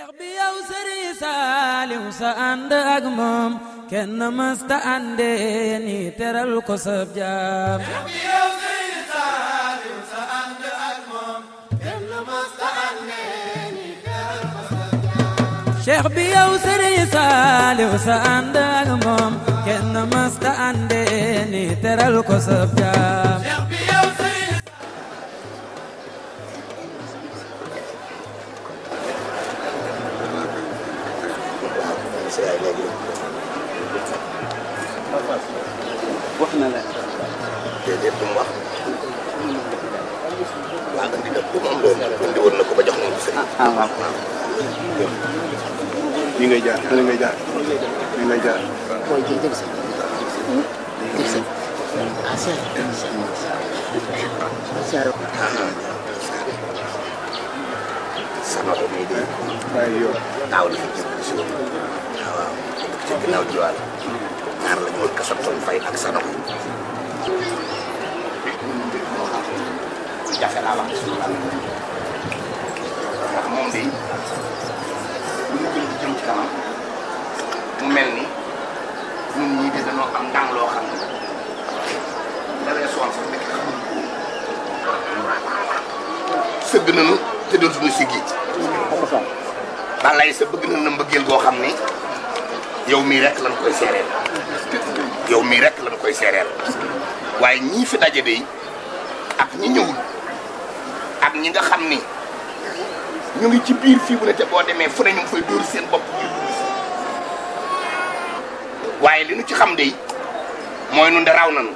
cheikh bi yow sëriñ saaliw sa ànd ak moom kenn mësta ànde ni teral ko sab jaam cheikh bi yow sëriñ saaliw sa ànd ak moom kenn mësta ànde ni teral ko sab jaam cheikh bi yow sëriñ saaliw sa ànd ak moom kenn mësta ànde ni teral ko sab jaam wax na la. déedéet bu mu wax. waaw indi na bu mu am loolu indi woon na ko ba jox na ko sëriñ. ah, ah waaw waaw. nii ngay jaar nii ngay jaar nii ngay jaar. mooy jërëjëf sëñ bi. jërëjëf sëñ bi. ah sëñ bi. de. waaw yow. naaw la ñaar lañ mooy kaso Tom ndax moom de lu ñu jëm jëm ci mu mel ni ñun ñii de dañoo am ndam loo xam ne da weesu woon te dootuñu si gi. balaay sa bëgg nañu na mbëggeel goo xam ni yow mii rek lañ koy seereel yow mii rek lañ koy seereel waaye ñii fi daje de ak ñi ñëwul ak ñi nga xam ni ñu ngi ci biir fii bu ne te boo demee fu ne ñu fay dóori seen bopp waaye li nu ci xam de mooy nun de raw nanu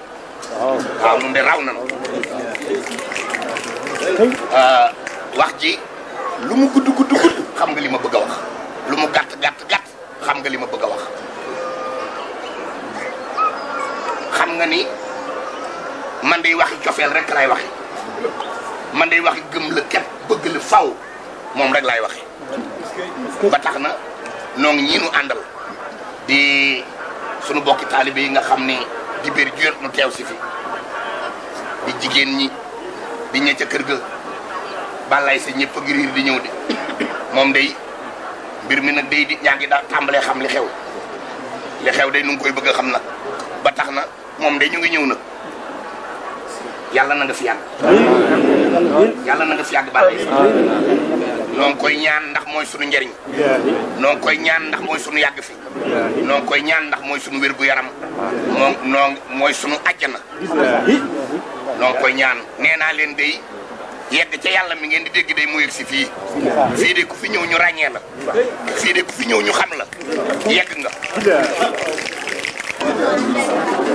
waaw nun de raw nanu euh, wax ji lu mu gudd gudd gudd xam nga li ma bëgg a wax lu mu gàtt gàtt gàtt xam nga li ma bëgg xam nga ni man day waxi cofeel rek lay waxe man day waxi gëm la bëgg la faw moom rek laay waxe ba na noo ngi ñii nu àndal di sunu bokki taalibe yi nga xam ni di biir jot nu teew si fi di jigéen ñi di ña ca kër ga bàllaay sa ñëpp a di ñëw de moom day mbir mi nag day di ñaa daal tàmbalee xam li xew li xew day nu ngi koy bëgg xam nag ba na moom de ñu ngi ñëw nag yàlla na nga fi yàgg. yàlla na nga fi yàgg bàyyi. noo koy ñaan ndax mooy sunu njëriñ. noo ngi koy ñaan ndax mooy sunu yàgg fi. noo koy ñaan ndax mooy sunu wér gu yaram. moom noo mooy sunu àjjana. noo ngi koy ñaan nee naa leen de yegg ca yàlla mi ngeen di dégg day mu yëg si fii. fii de ku fi ñëw ñu ràññee la. fii ku fi ñëw ñu xam la. yegg nga.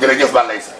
jërëjëf Balla Aïssa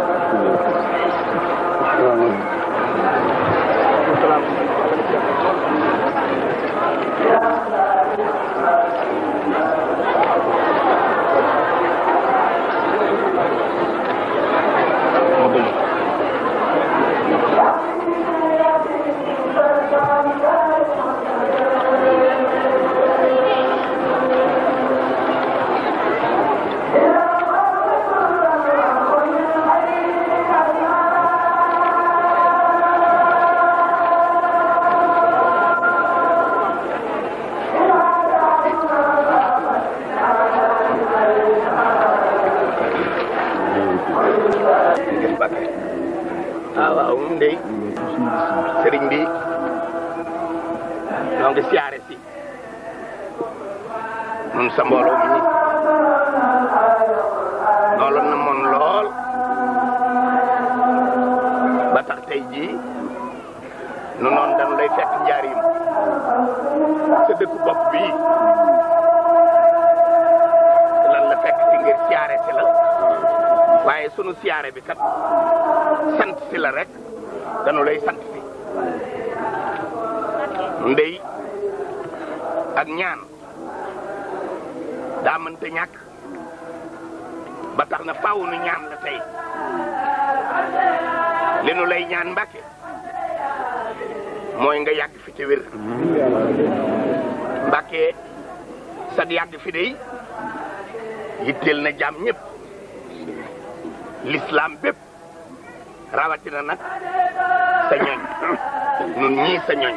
nu noonu dañu lay fekk njaarim sa dëkku bopp bii lan la fekk ci ngir siyaare si la waaye sunu siyaare bi kat sant si la rek dañu lay sant si ndey ak ñaan daa mënta ñàkk ba tax na faaw ñaan la tey li nu lay ñaan Mbàkke mooy nga yàgg fi ci wér sa yàgg fi yitteel na jaam ñépp lislaam bépp rawatina nag sa ñooñ nun ñii sa ñooñ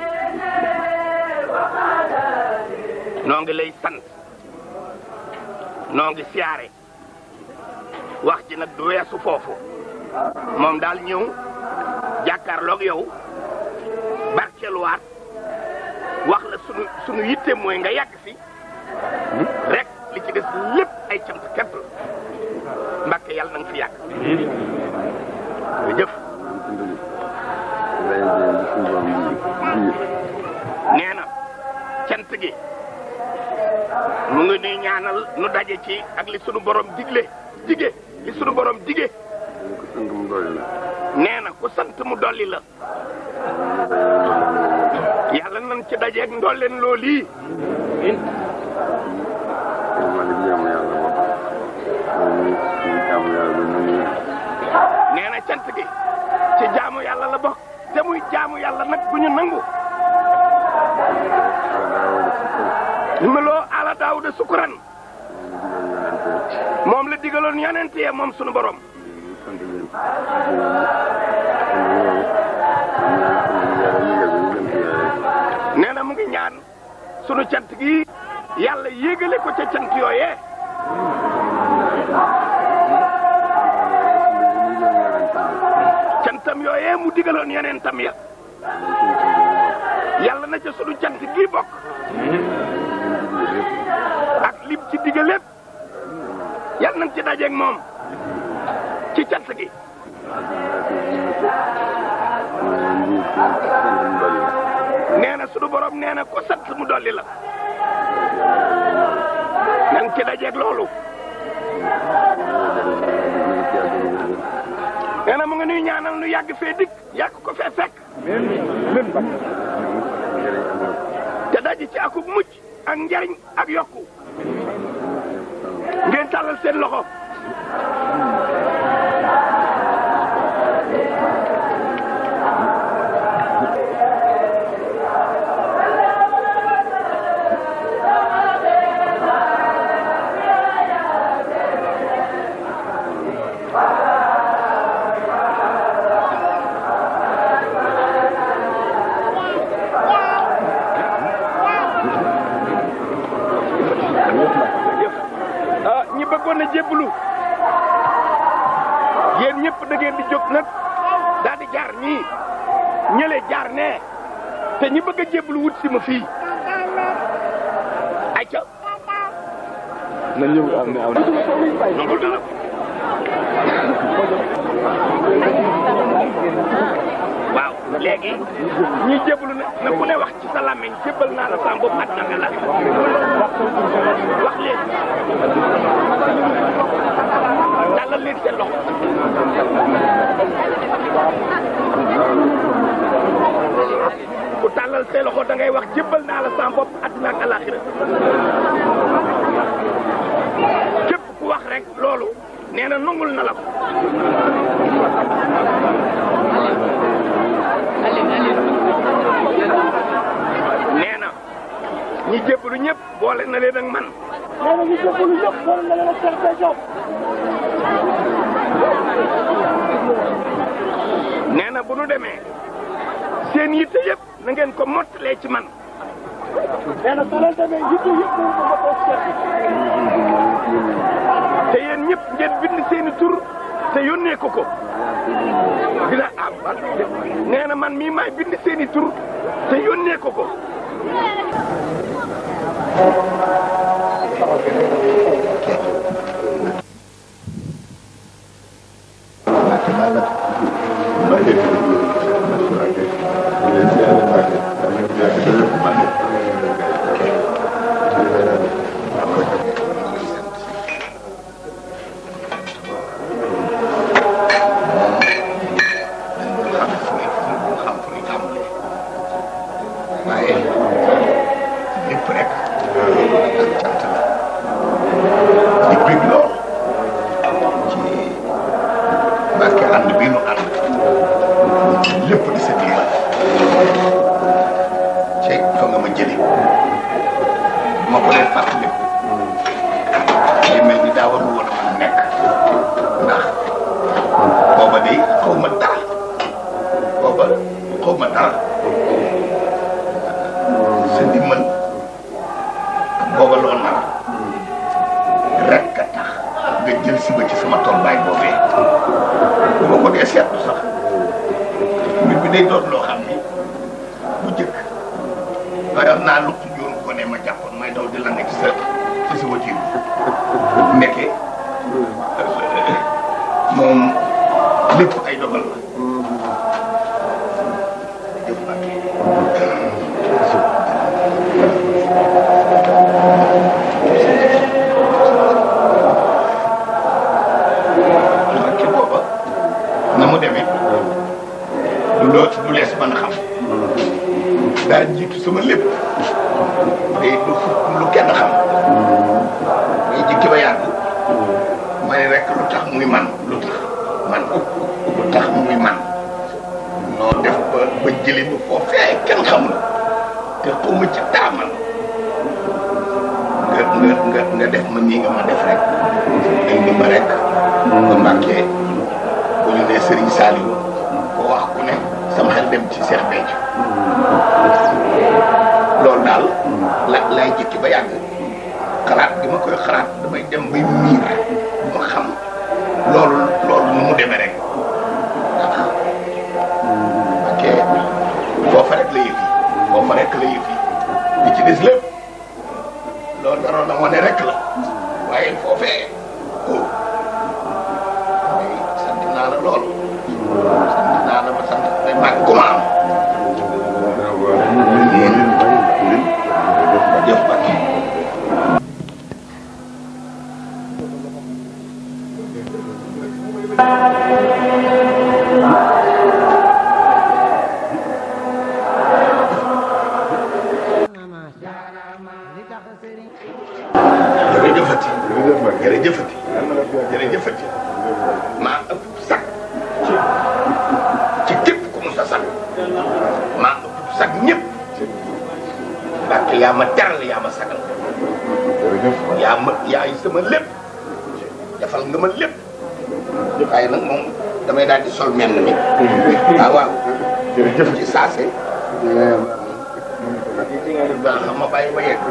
noo ngi lay sant noo ngi siyaare wax ji nag du weesu foofu moom daal ñëw jàkkaarloog yow delluwaat wax la sunu sunu mooy nga yàgg fi rekk li ci des lépp ay cant képp la Mbàkke yàlla na yàgg. nee na cant gi mu ngi nuy ñaanal nu daje ci ak li sunu borom digle dige li sunu borom dige. nee na ku sant mu dolli la. yàlla nan ci dajeeg ndolleen loolii. nee na cant gi ci jaamu yàlla la bokk te muy jaamu yàlla nag bu ñu nangu. meloo ala daawuda sukuran moom la digaloon yonent yee moom sunu borom. neena na mu ngi ñaan sunu cant gi yàlla yéegale ko ca cant yooyee. cantam yooyee mu digaloon yeneen tam ya yàlla na ca sunu cant gi bokk. ak lim ci digal lépp yàlla ci dajeeg moom ci cant gi. nee na sunu borom nee na ko sant mu dolli la. ci dajeeg loolu. nee na mu ngi nuy ñaanal nu yàgg fee dikk yàgg ko fee fekk. te daje ci akub mucc ak njariñ ak yokku. ngeen tàllal seen loxo. bëggoon na jébbalu yéen ñëpp da di jóg nag daal jaar nii ñële jaar ne te ñi bëgg a wut si ma fii ay ca na ñëw am na am na waaw léegi ñi jébbalu na na ku ne wax ci sa làmmiñ jébbal naa la sa bopp na nga la wax léegi say loxo da wax jébbal naa la sama bopp àddina ak alaaxira képp ku wax rek loolu nee na nungul na la ko. nee na ñi jébbalu ñëpp boole na leen man. nee bu nu demee. seen yitte yëpp na ngeen ko mottalee ci man. nee na soo te yéen ñëpp ngeen bind seen i tur te yónnee ko ko. dina am nee na man mii maay bind seen i tur te yónnee ko ko. bi si ba ci sama tool baay boobee bu ko dee seetlu sax mbir bi day doon loo xam ni bu jëkk waaye naa lu jóoru ko ne ma jàppoon may daw di la nekk sa ci sa wajur nekkee nga nga def ma nii nga ma def rek indi ma rek nga mbàkkee bu ñu nee Serigne Saliou ko wax ku ne sama xel dem ci Cheikh Béthio loolu daal la lay jikki ba yàgg xalaat gi ma koy xalaat damay dem bay miir ma xam loolu loolu nu mu demee rek foofa rek la yëf yi foofa rek la yëf yi li ci des loolu a wane rek la foofee oh sant naa la loolu jërëjëfati jërëjëfati jërëjëfati maa ëpp sax ci képp ku mu sa sax maa ëpp sax ñëpp parce que yaa ma teral yaa ma sagal yaa ma yaay sama lépp defal nga ma lépp waaye nag moom damay daal di sol menn mi ah, waaw daal xam ma bàyyi ba yegg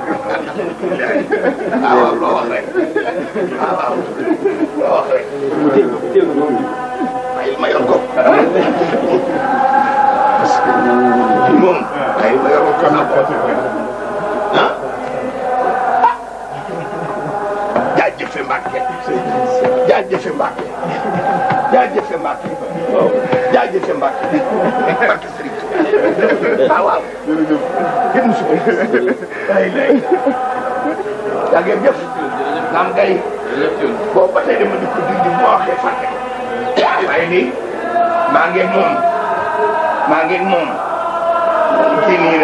ah waaw loo wax rek ah waaw loo wax rek. ma yor ko. moom ay ma yor ko sax ah. jaajëfe Mbàkke jaajëfe Mbàkke jaajëfe Mbàkke jaajëfe Mbàkke waaw waaw. jërëjëf kenn musu ko. naam ngay. boo ba tey dama di ko dindi bu waxee fàtte ko. waaye nii maa ngi moom maa ngi moom kii nii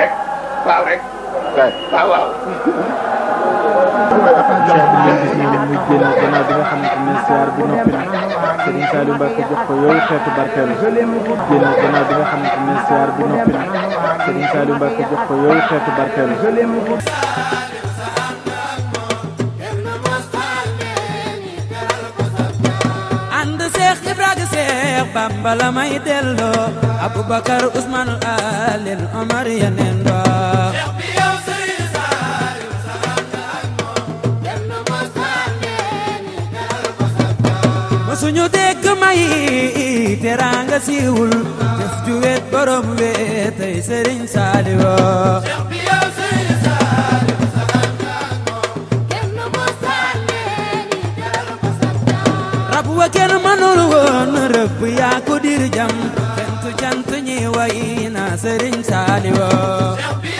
cheikh bi ngeen gis nii muy génn gannaaw bi nga xamante ne siyaar bi noppi na Serigne Saliou Mbacke jox ko yooyu xeetu barkeelu génn gannaaw bi nga xamante ne siyaar bi noppi na Serigne Saliou Mbacke jox ko yooyu xeetu barkeelu ànd Cheikh Ibrahima Cheikh Bamba la may delloo Aboubacar Ousmane Alioune Omar yeneen suñu dégg may teraanga siiwul def ju wet borom wet tey Serigne Saliou wa kenn mënul woon rëbb yaa ko dir jam fentu cant ñi way na Serigne Saliou